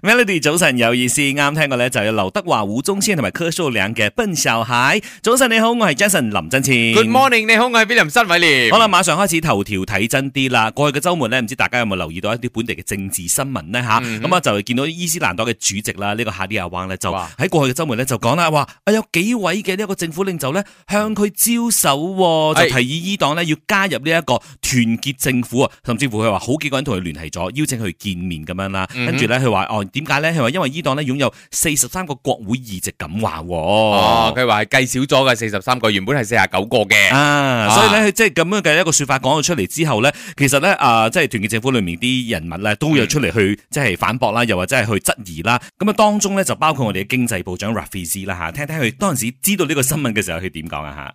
Melody 早晨有意思，啱聽過咧就有劉德華、吳宗憲同埋柯受良嘅《笨小孩》。早晨你好，我係 Jason 林振前。Good morning，你好，我係 William 陳偉廉。好啦，馬上開始頭條睇真啲啦。過去嘅周末呢，唔知大家有冇留意到一啲本地嘅政治新聞呢？吓、mm？咁、hmm. 啊就見到伊斯蘭黨嘅主席啦，呢、這個哈迪阿旺呢，就喺過去嘅周末呢，就講啦，話哇、啊、有幾位嘅呢一個政府領袖呢，向佢招手，哎、就提議伊黨呢要加入呢一個團結政府啊，甚至乎佢話好幾個人同佢聯繫咗，邀請佢見面咁樣啦，跟住呢，佢、hmm. 話點解咧？佢話因為伊黨咧擁有四十三個國會議席，哦，咁話，佢話係計少咗嘅，四十三個，原本係四十九個嘅。啊，所以咧，即係咁樣嘅一個說法，講到出嚟之後咧，其實咧啊，即係團結政府裏面啲人物咧，都有出嚟去即係反駁啦，又或者係去質疑啦。咁啊，當中咧就包括我哋嘅經濟部長 Rafiz 啦吓，聽聽佢當時知道呢個新聞嘅時候，佢點講啊吓？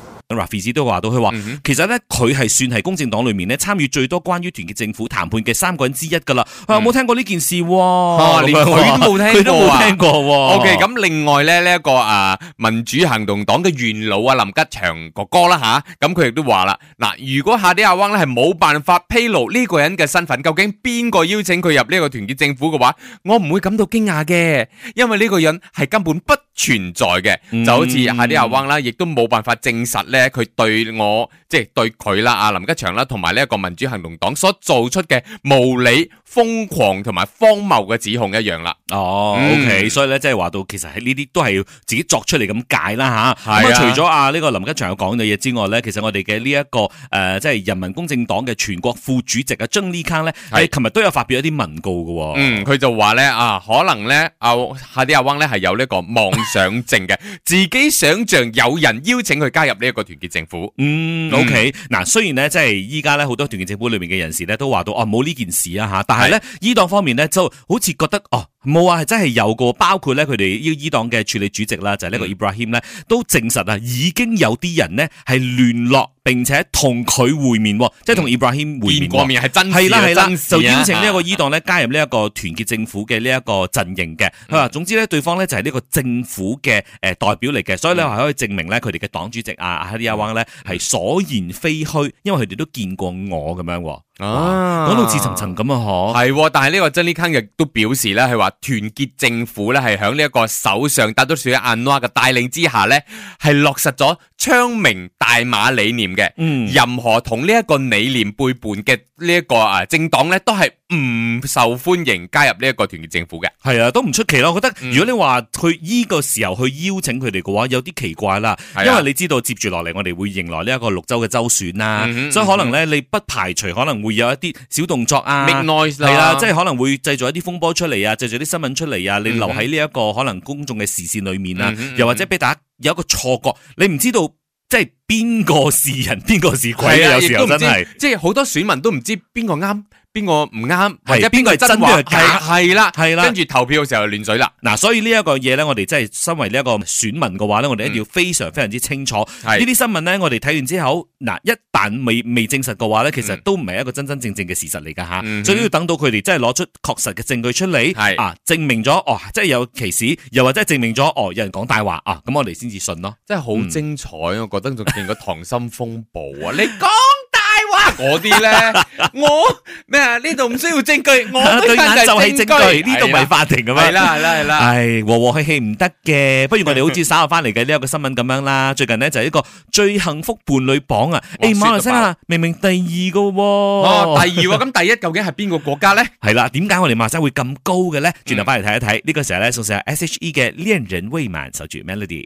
嗱，Rafizi 都話到佢話，其實咧佢係算係公正黨裏面咧參與最多關於團結政府談判嘅三個人之一噶啦。佢有冇聽過呢件事？連佢都冇聽，都冇聽過。O K，咁另外咧呢一個啊民主行動黨嘅元老啊林吉祥哥哥啦吓，咁佢亦都話啦，嗱，如果哈迪阿旺咧係冇辦法披露呢個人嘅身份，究竟邊個邀請佢入呢個團結政府嘅話，我唔會感到驚訝嘅，因為呢個人係根本不存在嘅，就好似阿啲亞灣啦，亦都冇辦法證實咧，佢對我即係、就是、對佢啦，阿林吉祥啦，同埋呢一個民主行動黨所做出嘅無理、瘋狂同埋荒謬嘅指控一樣啦。哦、嗯，OK，所以咧，即係話到，其實喺呢啲都係要自己作出嚟咁解啦吓。咁啊，嗯、除咗阿呢個林吉祥有講嘅嘢之外咧，其實我哋嘅呢一個誒，即、呃、係人民公正黨嘅全國副主席啊 Johnnie 康咧喺琴日都有發表一啲文告嘅。嗯，佢就話咧啊，可能咧阿夏啲亞灣咧係有呢個望。 想正嘅自己想象有人邀請佢加入呢一個團結政府，嗯，OK，嗱，雖然呢，即係依家呢，好多團結政府裏面嘅人士呢都話到哦冇呢件事啊吓，但係呢，依黨是方面呢，就好似覺得哦。冇啊，係真係有過，包括咧佢哋呢個伊黨嘅處理主席啦，就呢、是、個伊布拉希姆咧，都證實啊，已經有啲人呢係聯絡並且同佢會面，嗯、即係同伊布拉希姆見過面，係真係啦係啦，就邀請呢個伊黨呢加入呢一個團結政府嘅呢一個陣營嘅。啊、嗯，總之咧，對方咧就係、是、呢個政府嘅誒、呃、代表嚟嘅，所以咧係、嗯、可以證明咧佢哋嘅黨主席啊哈迪阿旺咧係所言非虛，因為佢哋都見過我咁樣。層層啊，嗰度黐層層咁啊，嗬，係，但係呢個曾麗鏗亦都表示咧，係話團結政府咧，係喺呢一個首相拿督斯里安華嘅帶領之下咧，係落實咗。昌明大馬理念嘅，嗯、任何同呢一個理念背叛嘅呢一個啊政黨呢，都係唔受歡迎加入呢一個團結政府嘅。係啊，都唔出奇咯。我覺得如果你話去呢個時候去邀請佢哋嘅話，有啲奇怪啦。啊、因為你知道接住落嚟我哋會迎來呢一個六州嘅州選啦、啊，嗯哼嗯哼，所以可能呢，你不排除可能會有一啲小動作啊，係、 啊、啦，即係可能會製造一啲風波出嚟啊，製造啲新聞出嚟啊，你留喺呢一個可能公眾嘅視線裏面啊，又或者俾大家。有一個錯覺，你唔知道即係邊個是人，邊個是鬼。係啊，有時候真係，不知道即係好多選民都唔知邊個啱。邊個唔啱？係邊個係真？係係啦，係啦，啊。跟住，啊啊啊，投票嘅時候亂水啦。嗱，啊，所以呢一個嘢咧，我哋真係身為呢一個選民嘅話咧，我哋一定要非常非常之清楚。嗯，聞呢啲新聞咧，我哋睇完之後，嗱，一旦未未證實嘅話咧，其實都唔係一個真真正正嘅事實嚟噶吓。嗯，哼所以要等到佢哋真係攞出確實嘅證據出嚟，係，嗯，哼啊，證明咗哦，即係有歧視，又或者證明咗哦，有人講大話啊，咁我哋先至信咯。嗯，真係好精彩，我覺得仲見過溏心風暴啊！ 你講。我啲咧，我咩啊？呢度唔需要證據，我對眼就係證據，呢度唔係法庭噶咩？係啦，係啦，係啦，係和和氣氣唔得嘅，不如我哋好似稍後翻嚟嘅呢個新聞咁樣啦。最近咧就係一個最幸福伴侶榜啊，誒，馬來西亞啊，明明第二噶，哦，第二，咁第一究竟係邊個國家咧？係啦，點解我哋馬來西亞會咁高嘅咧？轉頭翻嚟睇一睇，呢個時候咧，送上 S H E 嘅戀人未滿，守住 Melody。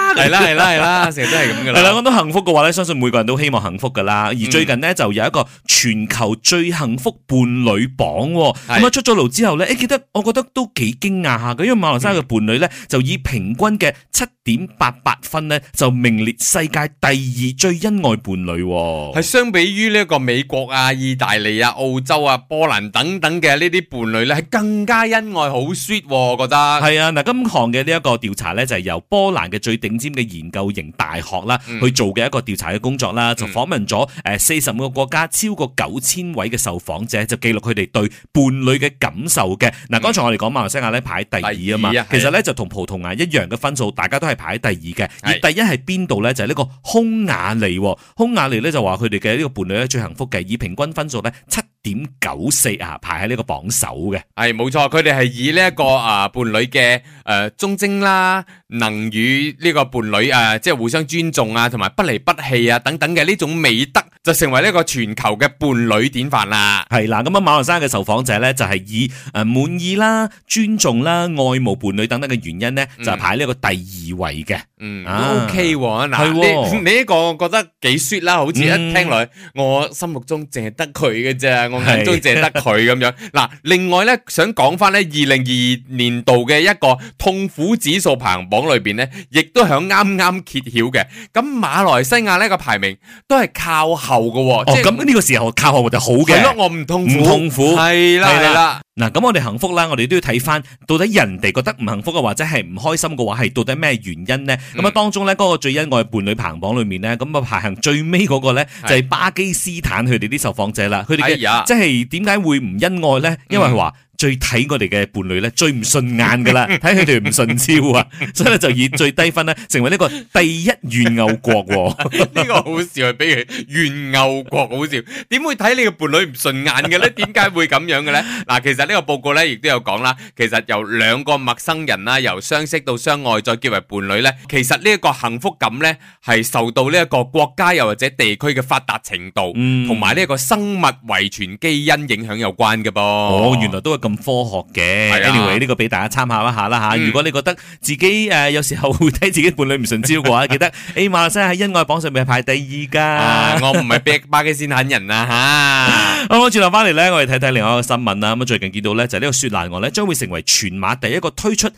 係啦，係啦 neck，係 啦，成對日的一、啊、都係咁噶啦。係啦、哎，講到幸福嘅話咧，相信每個人都希望幸福噶啦。而最近呢，就有一個全球最幸福伴侶榜、哦，咁啊出咗爐之後咧，誒、哎，記得我覺得都幾驚訝下嘅，因為馬來西亞嘅伴侶咧，就以平均嘅七點八八分咧，就名列世界第二最恩愛伴侶、哦。係相比於呢一個美國啊、意大利啊、澳洲啊、波蘭等等嘅呢啲伴侶咧，係更加恩愛好 sweet、哦、覺得。係啊，嗱，今項嘅呢一個調查咧，就係、是、由波蘭嘅最頂。尖嘅研究型大學啦，嗯、去做嘅一個調查嘅工作啦，嗯、就訪問咗誒四十五個國家超過九千位嘅受訪者，就記錄佢哋對伴侶嘅感受嘅。嗱、嗯，剛才我哋講馬來西亞咧排第二啊嘛，二其實咧的就同葡萄牙一樣嘅分數，大家都係排第二嘅。而第一係邊度咧？就係呢個匈牙利，匈牙利咧就話佢哋嘅呢個伴侶咧最幸福嘅，以平均分數咧七。點九四啊，排喺呢個榜首嘅，係冇錯，佢哋係以呢、這、一個啊、呃、伴侶嘅誒忠貞啦，能與呢個伴侶啊、呃、即係互相尊重啊，同埋不離不棄啊等等嘅呢種美德。就成為呢個全球嘅伴侶典範啦，係啦，咁啊，馬來西亞嘅受訪者咧就係以誒滿意啦、尊重啦、愛慕伴侶等等嘅原因咧，就係排呢個第二位嘅，嗯，O K 喎，嗱，你呢個覺得幾 sweet 啦，好似一聽落去，我心目中淨係得佢嘅咋，我眼中淨係得佢咁樣。嗱，另外咧想講翻咧，二零二二年度嘅一個痛苦指數排行榜裏邊咧，亦都響啱啱揭曉嘅，咁馬來西亞呢個排名都係靠。求嘅咁呢個時候靠後就係好嘅，係咯，我唔痛唔痛苦，係啦係啦，嗱，咁我哋幸福啦，我哋都要睇翻到底人哋覺得唔幸福嘅或者係唔開心嘅話，係到底咩原因咧？咁啊、嗯、當中咧嗰個最恩愛伴侶排行榜裏面咧，咁啊排行最尾嗰個咧就係巴基斯坦佢哋啲受訪者啦，佢哋嘅即係點解會唔恩愛咧？因為話、嗯。最睇我哋嘅伴侶咧，最唔順眼噶啦，睇佢哋唔順超啊，所以咧就以最低分咧，成為呢個第一怨偶國。呢個好笑啊，比如怨偶國好笑，點會睇你嘅伴侶唔順眼嘅咧？點解會咁樣嘅咧？嗱，其實呢個報告咧亦都有講啦，其實由兩個陌生人啦，由相識到相愛，再結為伴侶咧，其實呢一個幸福感咧，係受到呢一個國家又或者地區嘅發達程度，同埋呢一個生物遺傳基因影響有關嘅噃。哦，原來都係咁。咁科學嘅，anyway 呢個俾大家參考一下啦嚇。嗯、如果你覺得自己誒有時候會睇自己伴侶唔順焦嘅話，記得誒 馬來西亞喺恩愛榜上面係排第二噶、啊。我唔係百八嘅線下人啊 好，咁轉頭翻嚟咧，我哋睇睇另外一個新聞啦。咁啊最近見到咧，就呢個雪蘭莪咧，將會成為全馬第一個推出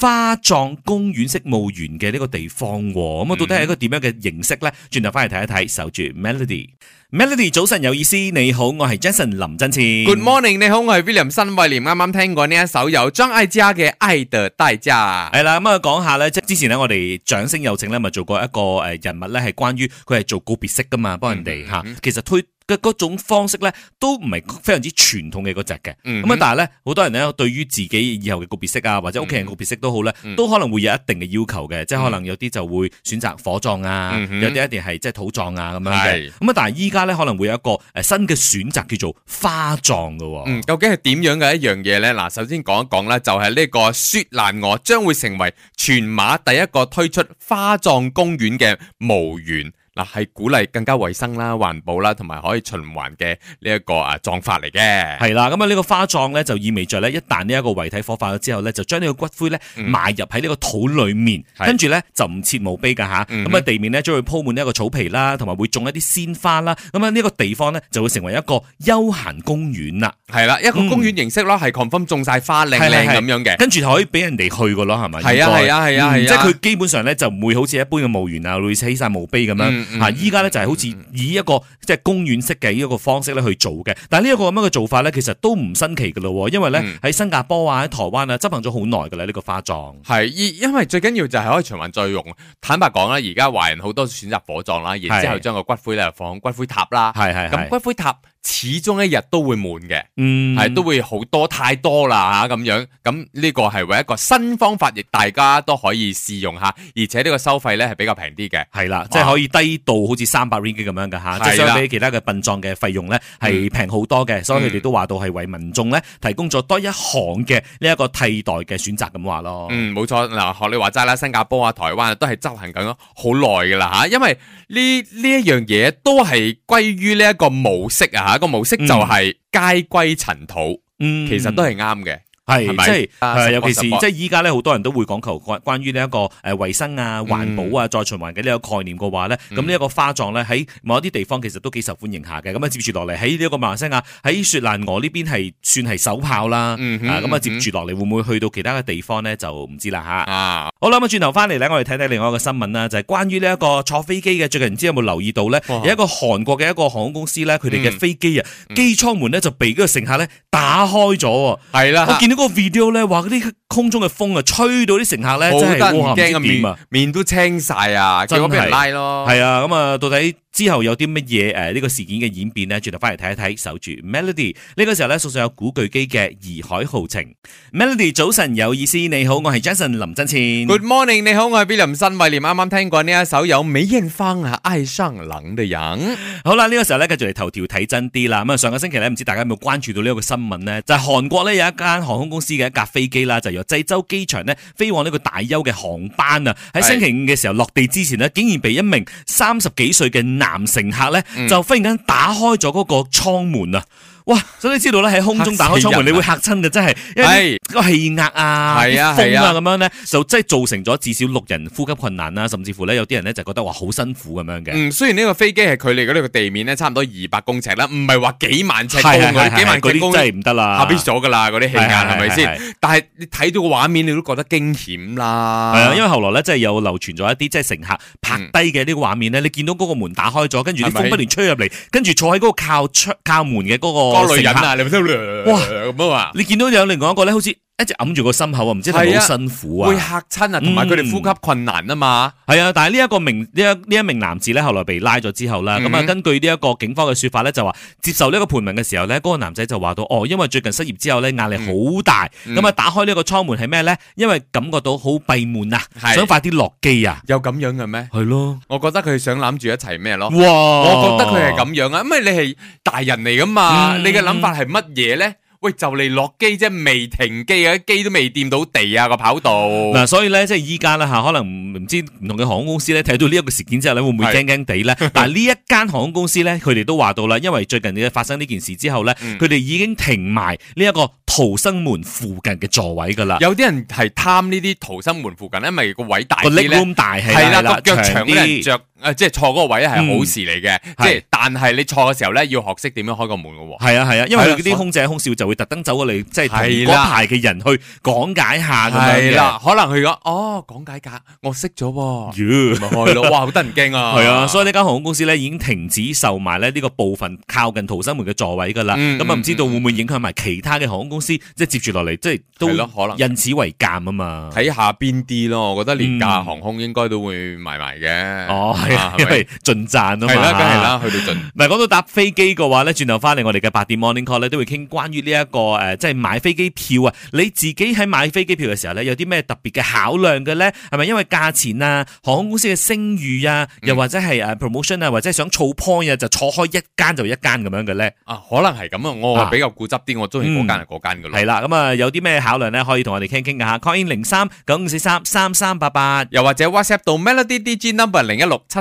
花葬公園式墓園嘅呢個地方。咁啊、嗯、到底係一個點樣嘅形式咧？轉頭翻嚟睇一睇，守住 Melody。Melody 早晨有意思，你好，我係 Jason 林振前。Good morning，你好，我係 William 新威廉。啱啱聽過呢一首由張艾嘉嘅《愛的代價》。係啦，咁啊講下咧，即係之前咧，我哋掌聲有請咧，咪做過一個誒人物咧，係關於佢係做告別式噶嘛，幫人哋吓。其實推。嘅嗰種方式咧，都唔係非常之傳統嘅嗰隻嘅。咁啊、嗯哼，但係咧，好多人咧對於自己以後嘅告別式啊，或者屋企人告別式都好咧，嗯、哼都可能會有一定嘅要求嘅，嗯、哼即係可能有啲就會選擇火葬啊，嗯、哼有啲一定係即係土葬啊咁樣嘅。咁啊是，但係依家咧可能會有一個誒新嘅選擇叫做花葬嘅、啊。嗯，究竟係點樣嘅一樣嘢咧？嗱，首先講一講啦，就係、是、呢個雪蘭莪將會成為全馬第一個推出花葬公園嘅墓園。嗱，係鼓勵更加衛生啦、環保啦，同埋可以循環嘅呢一個啊葬法嚟嘅。係啦，咁啊呢個花葬咧就意味著咧，一旦呢一個遺體火化咗之後咧，就將呢個骨灰咧埋入喺呢個土裏面，跟住咧就唔設墓碑噶吓。咁啊地面咧將佢鋪滿呢一個草皮啦，同埋會種一啲鮮花啦。咁啊呢個地方咧就會成為一個休閒公園啦。係啦，一個公園形式咯，係狂風種晒花靚靚咁樣嘅，跟住可以俾人哋去噶咯，係咪？係啊係啊係啊係啊，即係佢基本上咧就唔會好似一般嘅墓園啊類似起晒墓碑咁樣。啊！依家咧就係好似以一個即係公園式嘅呢一個方式咧去做嘅，但係呢一個咁樣嘅做法咧，其實都唔新奇噶咯，因為咧喺、嗯、新加坡啊、喺台灣啊執行咗好耐噶啦呢個花葬。係，因因為最緊要就係可以循環再用。坦白講咧，而家華人好多選擇火葬啦，然之後將個骨灰咧放骨灰塔啦。係，係咁骨灰塔。是是是是始終一日都會滿嘅，係、嗯、都會好多太多啦吓咁樣。咁呢個係為一個新方法，亦大家都可以試用下。而且呢個收費呢係比較平啲嘅，係啦了，哇即係可以低到好似三百 ringgit 咁樣嘅吓。了即係相比其他嘅殯葬嘅費用呢係平好多嘅。嗯、所以佢哋都話到係為民眾咧提供咗多一項嘅呢一個替代嘅選擇咁話咯。嗯，冇錯，嗱學你話齋啦，新加坡啊、台灣啊都係執行緊好耐噶啦吓。因為呢呢一樣嘢都係歸於呢一個模式啊。有個模式就係皆歸塵土，嗯，其實都係啱嘅。係，即係是，啊、尤其是波即係依家咧，好多人都會講求關關於呢一個誒衛生啊、環、嗯、保啊、再循環嘅呢個概念嘅話咧，咁呢一個花葬咧喺某一啲地方其實都幾受歡迎、嗯、下嘅。咁啊，接住落嚟喺呢一個馬來西亞喺雪蘭莪呢邊係算係首炮啦。咁啊，接住落嚟會唔會去到其他嘅地方咧？就唔知啦吓。啊，好啦，咁啊，轉頭翻嚟咧，我哋睇睇另外一個新聞啦，就係、是、關於呢一個坐飛機嘅。最近唔知有冇留意到咧，有一個韓國嘅一個航空公司咧，佢哋嘅飛機啊，機艙、嗯、門咧就被嗰個乘客咧。打開咗喎，係啦的，我見到個 video 咧，話啲空中嘅風啊，吹到啲乘客咧真係好驚啊，面面都青晒啊，即係俾人拉咯，係啊，咁啊到底？之後有啲乜嘢誒呢個事件嘅演變呢？轉頭翻嚟睇一睇，守住 Melody 呢個時候咧，送上有古巨基嘅《義海豪情》。Melody 早晨有意思，你好，我係 Jason 林真前。Good morning，你好，我係 Bill 林新威廉。啱啱聽過呢一首有梅艷芳啊愛上冷嘅人。好啦，呢、這個時候咧，繼續嚟頭條睇真啲啦。咁啊，上個星期咧，唔知大家有冇關注到呢一個新聞呢？就係、是、韓國呢，有一間航空公司嘅一架飛機啦，就是、由濟州機場呢飛往呢個大邱嘅航班啊，喺星期五嘅時候落地之前呢，竟然被一名三十幾歲嘅男乘客呢，就忽然間打開咗嗰個艙門啊。哇！所以你知道咧，喺空中打開窗門，啊、你會吓親嘅，真係因為個氣壓啊，啲的風啊咁樣咧，的就真係造成咗至少六人呼吸困難啦，甚至乎咧有啲人咧就覺得話好辛苦咁樣嘅。嗯，雖然呢個飛機係距離嗰個地面咧差唔多二百公尺啦，唔係話幾萬尺高嘅，幾萬公尺唔得啦，吓 b 咗噶啦嗰啲氣壓係咪先？但係你睇到個畫面，你都覺得驚險啦。係啊，因為後來咧，真係有流傳咗一啲即係乘客拍低嘅呢個畫面咧，你見到嗰個門打開咗，跟住你風不斷吹入嚟，跟住坐喺嗰個靠窗、嗰個嗯、靠，靠門嘅嗰、嗰個。女人啊！你咪聽哇咁啊嘛！你見到有另外一個咧，好似～一直揞住個心口啊，唔知係咪好辛苦啊？會嚇親啊，同埋佢哋呼吸困難啊嘛。係、嗯、啊，但係呢一個名呢一呢一名男子咧，後來被拉咗之後啦，咁啊、嗯，根據呢一個警方嘅說法咧，就話接受呢個盤問嘅時候咧，嗰、那個男仔就話到哦，因為最近失業之後咧，壓力好大，咁啊、嗯，嗯、打開個呢個艙門係咩咧？因為感覺到好閉悶啊，是想快啲落機啊，有咁樣嘅咩？係咯，我覺得佢想攬住一齊咩咯？哇，我覺得佢係咁樣啊，因為你係大人嚟噶嘛，嗯嗯、你嘅諗法係乜嘢咧？喂，就嚟落機啫，未停機啊，機都未掂到地啊個跑道。嗱，所以咧，即係依家啦吓，可能唔知唔同嘅航空公司咧睇到呢一個事件之後咧，會唔會驚驚地咧？ 但係呢一間航空公司咧，佢哋都話到啦，因為最近嘅發生呢件事之後咧，佢哋、嗯、已經停埋呢一個逃生門附近嘅座位噶啦。有啲人係貪呢啲逃生門附近，因為個位大啲咧，個 leg room 大啲長啲。人誒，即係錯嗰個位係好事嚟嘅，即係但係你錯嘅時候咧，要學識點樣開個門嘅喎。係啊係啊，因為啲空姐空少就會特登走過嚟，即係同嗰排嘅人去講解下。係啦，可能佢講哦講解架我識咗，咁咪開咯，哇好得人驚啊！係啊，所以呢間航空公司咧已經停止售賣咧呢個部分靠近逃生門嘅座位噶啦。咁啊唔知道會唔會影響埋其他嘅航空公司，即係接住落嚟，即係都可能。因此為鑑啊嘛，睇下邊啲咯。我覺得廉價航空應該都會賣埋嘅。哦。因為進賺啊嘛，係啦，梗係啦，去到進。嗱，講到搭飛機嘅話咧，轉頭翻嚟我哋嘅八點 morning call 咧，都會傾關於呢一個誒，即係買飛機票啊。你自己喺買飛機票嘅時候咧，有啲咩特別嘅考量嘅咧？係咪因為價錢啊，航空公司嘅聲譽啊，又或者係誒 promotion 啊，或者想儲 point 啊，就坐開一間就一間咁樣嘅咧？啊，可能係咁啊，我比較固執啲，我中意嗰間係嗰間噶啦。係啦，咁啊，有啲咩考量咧？可以同我哋傾一傾噶吓，call in 零三九五四三三三八八，又或者 whatsapp 到 melody DJ number 零一六七。